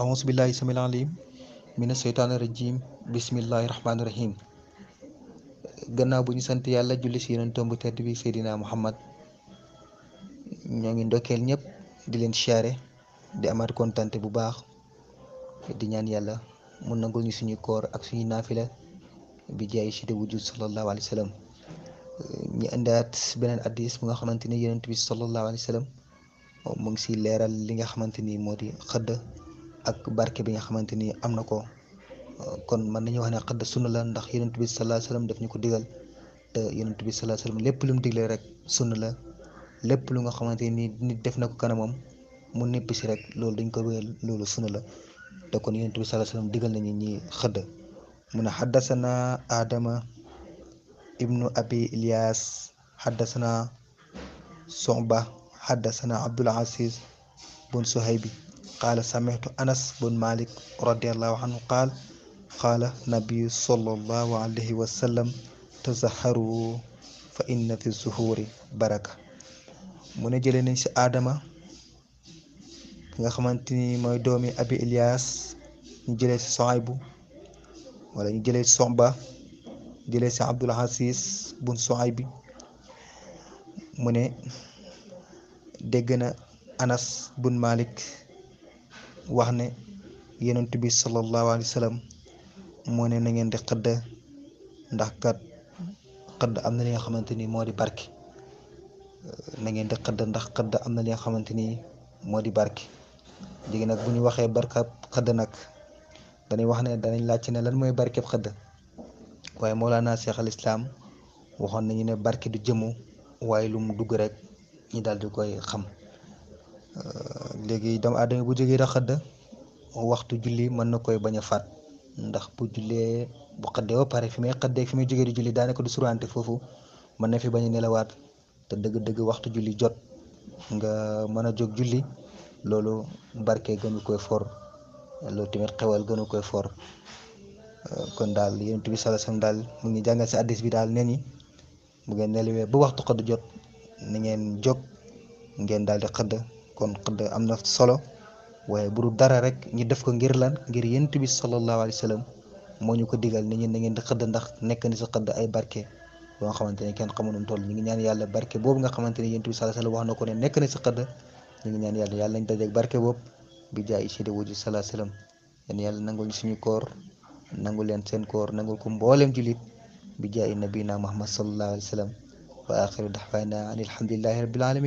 أعوذ بالله السميع العليم من الشيطان الرجيم بسم الله الرحمن الرحيم gannaaw bu ñu sant yàlla julli si yonentam bu tedd bi Seydina Muhammad ñoo ngi ndokkeel ñëpp di leen siyaare di amaat kontante bu baax di ñaan yàlla mu nangul ñu suñu koor ak suñu naafila bi jaay si de wujud sallallahu alayhi wa sallam ñu indaat beneen addis bu nga xamante ni yonent bi sallallahu alayhi wa sallam si leeral li nga xamante ni moo di xëdd ak barke bi nga xamante ni am na ko kon mën nañu wax ne xadd sunna la ndax yonent bi salaa sallam daf ñu ko digal te yonent bi salaa sallam lépp lu mu digle rek sunna la lépp lu nga xamante nii nit def na ko kanamam mu nepp si rek loolu dañ ko wéyal loolu sunna la te kon yonent bi salaa sallam digal nañu ñi xëdd mu ne xaddasana aadama ibnu abi ilyas xaddasana somba xaddasana abdul aziz bun suhaybi قال سمعت أنس بن مالك رضي الله عنه قال قال نبي صلى الله عليه وسلم تزهروا فإن في الزهور بركة من جلين آدم خمانتني موي دومي أبي إلياس نجلس صعيب ولا نجلس صعبة جلس عبد الحسيس بن صعيب من دغنا أنس بن مالك wax ne yonent bi sallallahu alayhi wa mo ne na ngeen di xëdd ndax kat xëdd am na li nga xamante ni moo di barki na ngeen di xëdd ndax xëdd am na li nga xamante ni moo di barki léegi nag bu ñu waxee barkab xëdd nag dañuy wax ne danañ laajte ne lan mooy barkeb xëdd waaye Mawlana Cheikh al Islam waxoon nañu ne barke du jëmu waaye lu mu dugg rek ñu daal di koy xam léegi doomu aadama bu jógee da xëdd waxtu julli mën na koy bañ a faat ndax bu jullee bu xëddee ba pare fi may xëddee fi may jógee di julli daanaka du surante foofu mën na fi bañ a te dëgg-dëgg waxtu julli jot nga mën jog jóg julli loolu barke gënu koy for loolu tamit xewal gënu koy for kon daal yonent bi sallallahu alayhi wasallam daal mu ngi jàngal si addis bi daal nee bu ngeen nelawee ba waxtu xëdd jot na ngeen jóg ngeen daal di xëdd kon xëdd am na solo waaye bu dul dara rek ñu def ko ngir lan ngir yent bi sallallahu alayhi wa sallam moo ñu ko digal ni ñu na ngeen di xëdd ndax nekk ni si xëdd ay barke yoo xamante ne kenn xamuñu toll ñu ngi ñaan yàlla barke boobu nga xamante ne yent bi sallallahu alayhi wa sallam wax na ne nekk na si xëdd ñu ngi ñaan yàlla yàlla nañ dajeeg barke boobu bi jaay sidi wuji sallallahu alayhi wa sallam yéen yàlla nangul ñu koor nangu leen seen koor nangul ko mbooleem julit bi jaay nabina muhammad sallallahu alayhi wa sallam wa axiru daxwaana